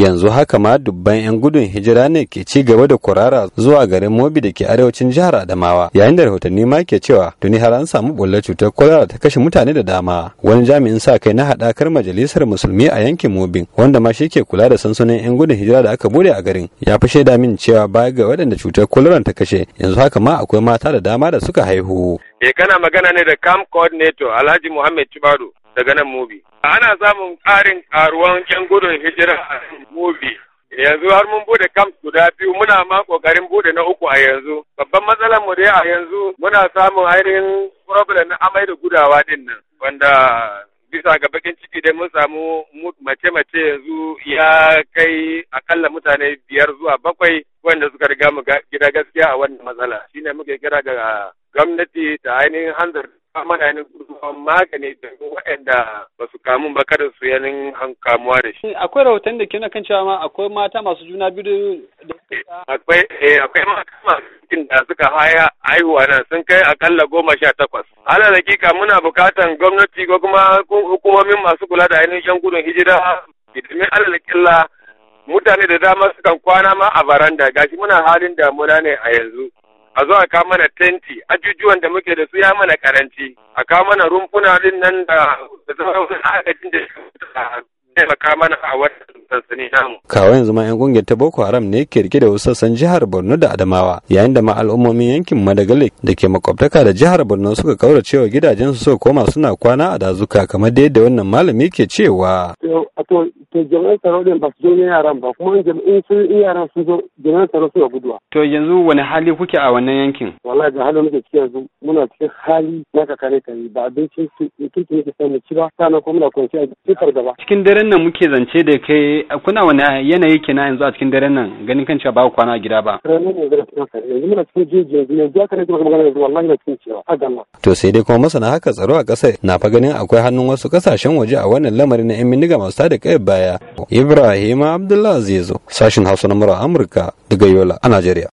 yanzu haka ma dubban 'yan gudun hijira ne ke ci gaba da kurara zuwa garin mobi da ke arewacin jihar adamawa yayin da rahotanni ma ke cewa tuni har an samu bullar cutar kwalara ta kashe mutane da dama wani jami'in sa kai na haɗakar majalisar musulmi a yankin mobin wanda ma shi ke kula da sansanin 'yan gudun hijira da aka bude a garin ya fi shaida min cewa baya ga waɗanda cutar kwalara ta kashe yanzu haka ma akwai mata da dama da suka haihu. Eh kana magana ne da camp coordinator Alhaji Muhammad Tubaru. daga nan Mobi. Ana samun ƙarin karuwan ƴan gudun hijira a Mobi. yanzu har mun bude kam guda biyu muna ma ƙoƙarin bude na uku a yanzu babban matsalar mu dai a yanzu muna samun ainihin problem na amai da gudawa din nan wanda bisa ga bakin ciki dai mun samu mace-mace yanzu ya kai akalla mutane biyar zuwa bakwai wanda suka riga mu gida gaskiya a wannan matsala shine muke kira ga gwamnati ta ainihin hanzar mana ne magani da waɗanda ba su kamun ba kada su yanin kamuwa da shi. Akwai rahoton da ke na kan cewa ma akwai mata masu juna biyu da Akwai eh, akwai mata masu da suka haya haihuwa nan sun kai akalla goma sha takwas. Ana dakika muna bukatan gwamnati ko kuma hukumomin masu kula da ainihin yan gudun hijira da alalakilla mutane da dama sukan kwana ma a baranda gashi muna halin damuna ne a yanzu. a zo a ka mana tenti ajujuwan da muke da su ya mana karanci a ka mana rumfuna din nan da da zama wani agajin da taimaka mana a wannan sansani namu. Kawo yanzu ma 'yan kungiyar ta Boko Haram ne ke rike da wasu sassan jihar Borno da Adamawa yayin da ma al'ummomin yankin Madagali da ke makwabtaka da jihar Borno suka kaura cewa gidajensu so koma suna kwana a dazuka kamar da yadda wannan malami ke cewa. To jami'an tsaro din ba su zo yaran ba kuma in sun yaran sun zo jami'an tsaro suna guduwa. To yanzu wani hali kuke a wannan yankin? Wallahi ga halin muke cikin yanzu muna cikin hali na kakare kare ba abincin kirki ne ke samu ci ba sannan kuma muna kwanciya cikin gaba. Cikin daren nan muke zance da kai Eh kuna wani yanayi kenan yanzu a cikin daren nan ganin kan cewa ba kwana a gida ba. To sai dai kuma masana haka tsaro a ƙasar na fa ganin akwai hannun wasu kasashen waje a wannan lamari na 'yan bindiga masu tada kai baya. Ibrahim Abdullah Azizu sashin Hausa na Amurka daga Yola a Najeriya.